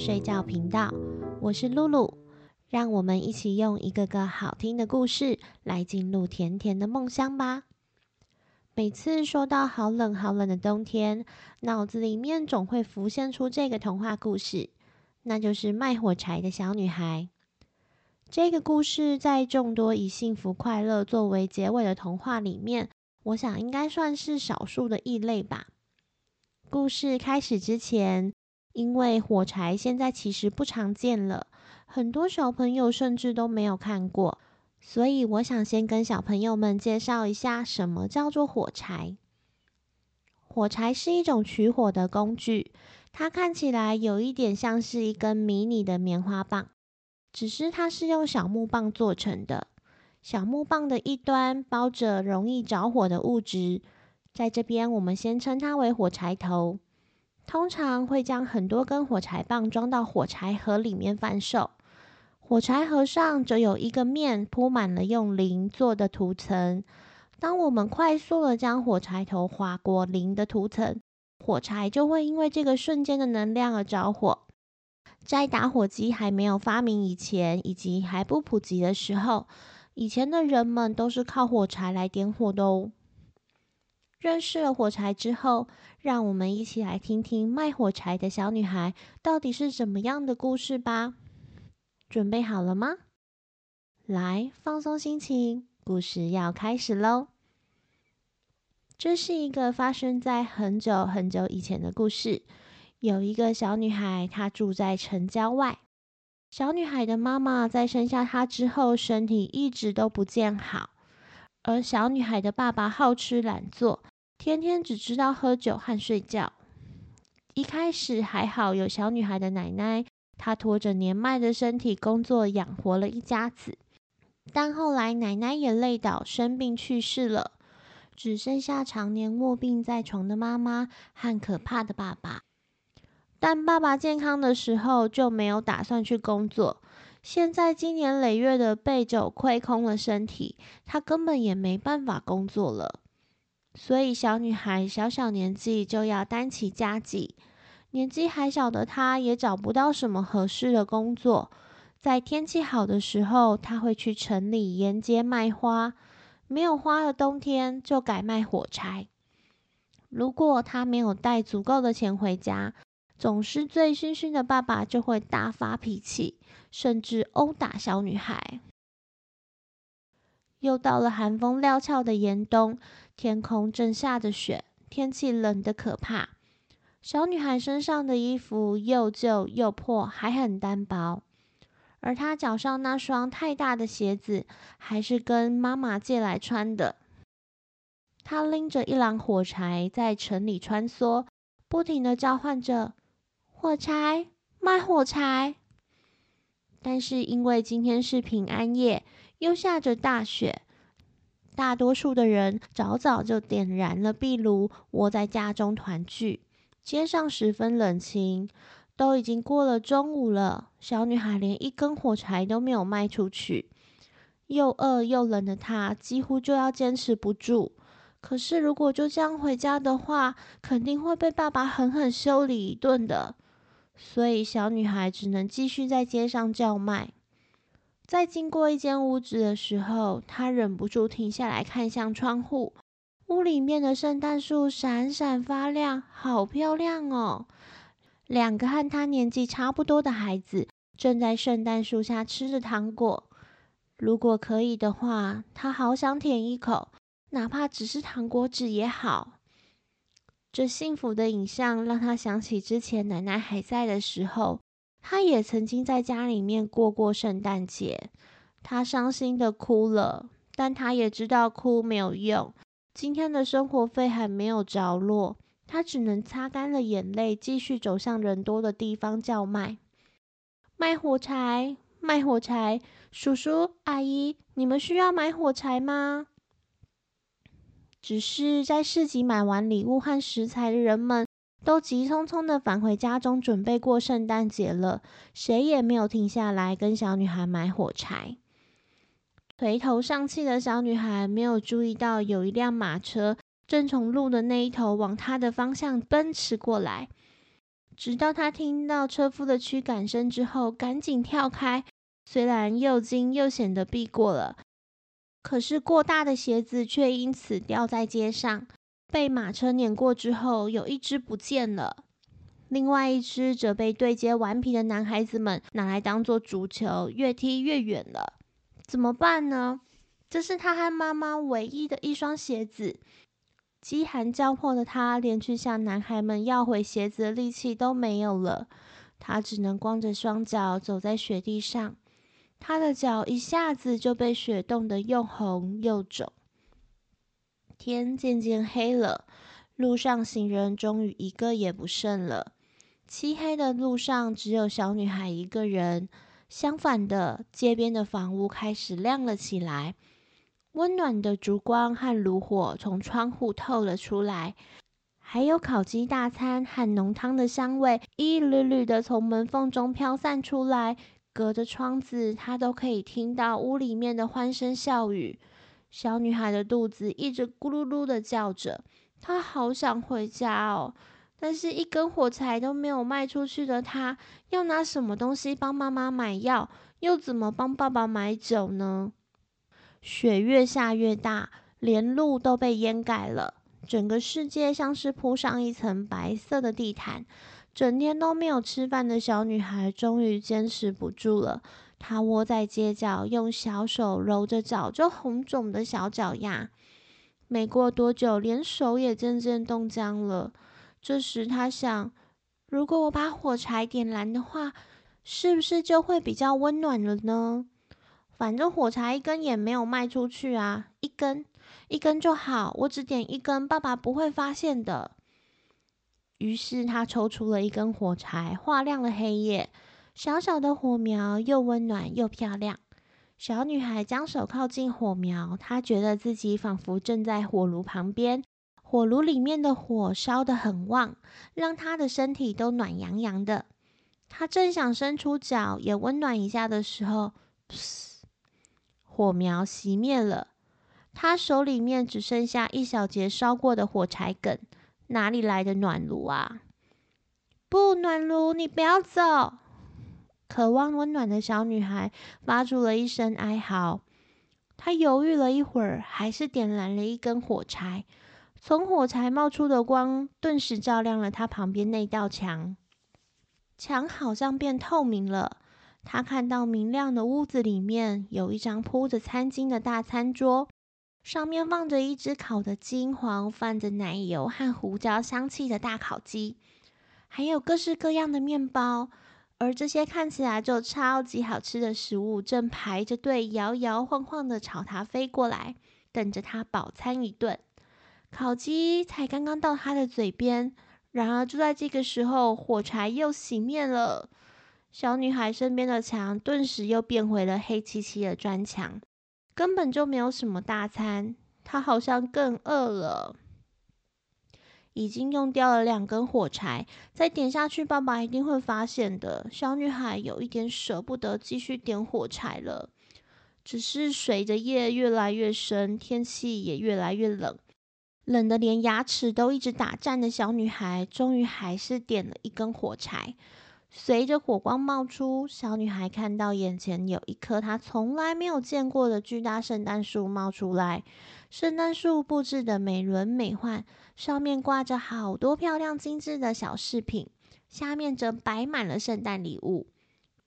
睡覺頻道，我是露露，讓我們一起用一個個好聽的故事來進入甜甜的夢鄉吧。每次說到好冷好冷的冬天，腦子裡面總會浮現出這個童話故事，那就是《賣火柴的小女孩》。這個故事在眾多以幸福快樂作為結尾的童話裡面，我想應該算是少數的異類吧。故事開始之前，因為火柴現在其實不常見了，很多小朋友甚至都沒有看過，所以我想先跟小朋友們介紹一下什麼叫做火柴。火柴是一種取火的工具，它看起來有一點像是一根迷你的棉花棒，只是它是用小木棒做成的。小木棒的一端包着容易着火的物質，在這邊我們先稱它為火柴頭。通常會將很多根火柴棒裝到火柴盒裡面販售，火柴盒上則有一個面鋪滿了用磷做的塗層。當我們快速的將火柴頭劃過磷的塗層，火柴就會因為這個瞬間的能量而着火。在打火機還沒有發明以前，以及還不普及的時候，以前的人們都是靠火柴來點火的哦。認識了火柴之後，讓我們一起來聽聽賣火柴的小女孩到底是怎麼樣的故事吧。準備好了嗎？來，放鬆心情，故事要開始嘍。這是一個發生在很久很久以前的故事。有一個小女孩，她住在城郊外。小女孩的媽媽在生下她之後，身體一直都不見好。而小女孩的爸爸好吃懶做，天天只知道喝酒和睡覺。一開始還好，有小女孩的奶奶，她拖着年邁的身體工作，養活了一家子。但後來奶奶也累倒生病去世了，只剩下常年臥病在床的媽媽和可怕的爸爸。但爸爸健康的時候就沒有打算去工作。現在，經年累月的被酒虧空了身體，他根本也沒辦法工作了。所以，小女孩小小年紀就要擔起家計。年紀還小的她也找不到什麼合適的工作。在天氣好的時候，她會去城裡沿街賣花；沒有花的冬天，就改賣火柴。如果她沒有帶足夠的錢回家，總是醉醺醺的爸爸就會大發脾氣，甚至毆打小女孩。又到了寒風料峭的嚴冬，天空正下着雪，天氣冷得可怕。小女孩身上的衣服又舊又破，還很單薄，而她腳上那雙太大的鞋子還是跟媽媽借來穿的。她拎着一籃火柴在城裡穿梭，不停地叫喚着。火柴，賣火柴。但是因為今天是平安夜，又下着大雪，大多數的人早早就點燃了壁爐，窩在家中團聚。街上十分冷清，都已經過了中午了。小女孩連一根火柴都沒有賣出去，又餓又冷的她幾乎就要堅持不住。可是如果就這樣回家的話，肯定會被爸爸狠狠修理一頓的。所以小女孩只能繼續在街上叫賣。在經過一間屋子的時候，她忍不住停下來看向窗戶。屋裡面的聖誕樹閃閃發亮，好漂亮哦！兩個和她年紀差不多的孩子正在聖誕樹下吃着糖果。如果可以的話，她好想舔一口，哪怕只是糖果紙也好。這幸福的影像讓她想起之前奶奶還在的時候，她也曾經在家裡面過過聖誕節。她傷心的哭了，但她也知道哭沒有用。今天的生活費還沒有着落，她只能擦乾了眼淚，繼續走向人多的地方叫賣：“賣火柴，賣火柴！叔叔阿姨，你們需要買火柴嗎？”只是在市集買完禮物和食材的人們，都急匆匆的返回家中準備過聖誕節了，誰也沒有停下來跟小女孩買火柴。垂頭喪氣的小女孩沒有注意到，有一輛馬車正從路的那一頭往她的方向奔馳過來。直到她聽到車夫的驅趕聲之後，趕緊跳開，雖然又驚又險的避過了。可是過大的鞋子卻因此掉在街上，被馬車碾過之後，有一隻不見了，另外一隻則被對接頑皮的男孩子們拿來當做足球，越踢越遠了。怎麼辦呢？這是他和媽媽唯一的一雙鞋子。飢寒交迫的他，連去向男孩們要回鞋子的力氣都沒有了，他只能光着雙腳走在雪地上。她的腳一下子就被雪凍得又紅又腫。天漸漸黑了，路上行人終於一個也不剩了。漆黑的路上只有小女孩一個人。相反的，街邊的房屋開始亮了起來，溫暖的燭光和爐火從窗戶透了出來，還有烤雞大餐和濃湯的香味一縷縷的從門縫中飄散出來。隔着窗子，他都可以聽到屋裡面的歡聲笑語。小女孩的肚子一直咕嚕嚕的叫着，她好想回家哦。但是，一根火柴都沒有賣出去的她，要拿什麼東西幫媽媽買藥？又怎麼幫爸爸買酒呢？雪越下越大，連路都被掩蓋了，整個世界像是鋪上一層白色的地毯。整天都沒有吃飯的小女孩終於堅持不住了，她窩在街角，用小手揉着早就紅腫的小腳丫。沒過多久，連手也漸漸凍僵了。這時她想，如果我把火柴點燃的話，是不是就會比較溫暖了呢？反正火柴一根也沒有賣出去啊，一根一根就好，我只點一根，爸爸不會發現的。於是她抽出了一根火柴，劃亮了黑夜。小小的火苗又溫暖又漂亮。小女孩將手靠近火苗，她覺得自己仿佛正在火爐旁邊，火爐裡面的火燒得很旺，讓她的身體都暖洋洋的。她正想伸出腳也溫暖一下的時候，噗，火苗熄滅了。她手裡面只剩下一小截燒過的火柴梗。哪裡來的暖爐啊？不，暖爐，你不要走！渴望溫暖的小女孩發出了一聲哀嚎。她猶豫了一會兒，還是點燃了一根火柴。從火柴冒出的光，頓時照亮了她旁邊那道牆。牆好像變透明了。她看到明亮的屋子裡面有一張鋪着餐巾的大餐桌。上面放着一隻烤的金黃、泛着奶油和胡椒香氣的大烤雞，還有各式各樣的麵包。而這些看起來就超級好吃的食物，正排着隊、搖搖晃晃的朝他飛過來，等着他飽餐一頓。烤雞才剛剛到他的嘴邊，然而就在這個時候，火柴又熄滅了，小女孩身邊的牆頓時又變回了黑漆漆的磚牆。根本就沒有什麼大餐，她好像更餓了。已經用掉了兩根火柴，再點下去，爸爸一定會發現的。小女孩有一點捨不得繼續點火柴了，只是隨着夜越來越深，天氣也越來越冷，冷得連牙齒都一直打顫的小女孩，終於還是點了一根火柴。隨着火光冒出，小女孩看到眼前有一棵她從來沒有見過的巨大聖誕樹冒出來。聖誕樹佈置的美輪美奐，上面掛着好多漂亮精致的小飾品，下面則擺滿了聖誕禮物。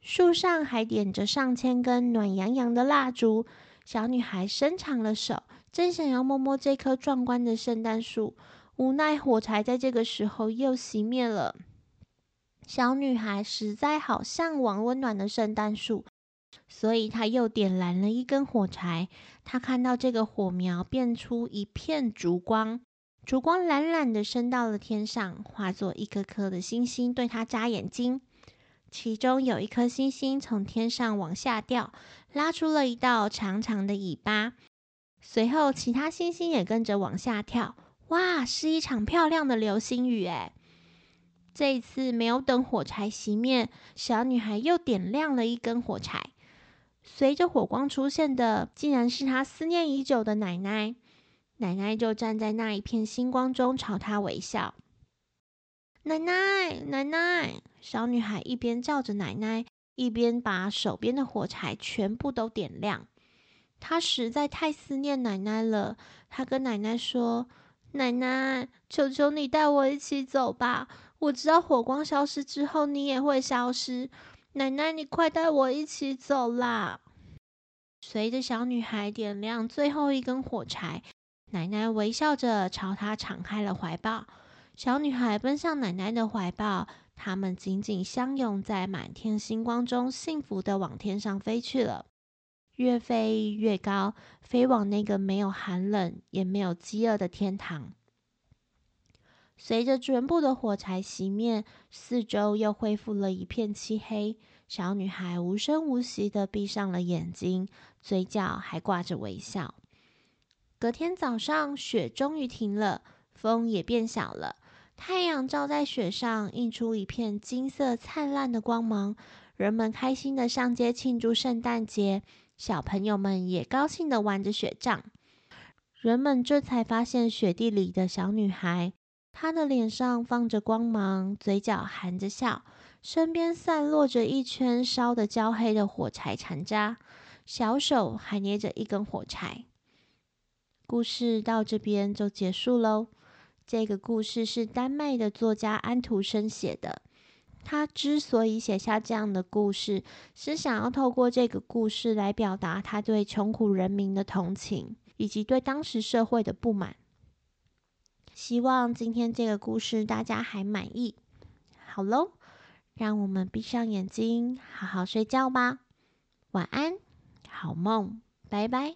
樹上還點着上千根暖洋洋的蠟燭。小女孩伸長了手，正想要摸摸這棵壯觀的聖誕樹，無奈火柴在這個時候又熄滅了。小女孩實在好向往溫暖的聖誕樹，所以她又點燃了一根火柴。她看到這個火苗變出一片燭光，燭光懶懶的升到了天上，化作一顆顆的星星，對她眨眼睛。其中有一顆星星從天上往下掉，拉出了一道長長的尾巴。隨後，其他星星也跟着往下跳。哇，是一場漂亮的流星雨！哎。這一次，沒有等火柴熄滅，小女孩又點亮了一根火柴。隨着火光出現的，竟然是她思念已久的奶奶。奶奶就站在那一片星光中，朝她微笑。奶奶，奶奶！小女孩一邊叫着奶奶，一邊把手邊的火柴全部都點亮。她實在太思念奶奶了。她跟奶奶說：“奶奶，求求你帶我一起走吧。”我知道火光消失之後，你也會消失。奶奶，你快帶我一起走啦！隨着小女孩點亮最後一根火柴，奶奶微笑着朝她敞開了懷抱。小女孩奔向奶奶的懷抱，她們緊緊相擁，在滿天星光中幸福地往天上飛去了。越飛越高，飛往那個沒有寒冷，也沒有飢餓的天堂。隨着全部的火柴熄滅，四周又恢復了一片漆黑。小女孩無聲無息地閉上了眼睛，嘴角還掛着微笑。隔天早上，雪終於停了，風也變小了。太陽照在雪上，映出一片金色燦爛的光芒。人們開心地上街慶祝聖誕節，小朋友們也高興地玩着雪仗。人們這才發現雪地裡的小女孩。他的臉上放着光芒，嘴角含着笑，身邊散落着一圈燒得焦黑的火柴殘渣，小手還捏着一根火柴。故事到這邊就結束嘍。這個故事是丹麥的作家安徒生寫的。他之所以寫下這樣的故事，是想要透過這個故事來表達他對窮苦人民的同情，以及對當時社會的不滿。希望今天這個故事大家還滿意。好嘍，讓我們閉上眼睛，好好睡覺吧。晚安，好夢，拜拜。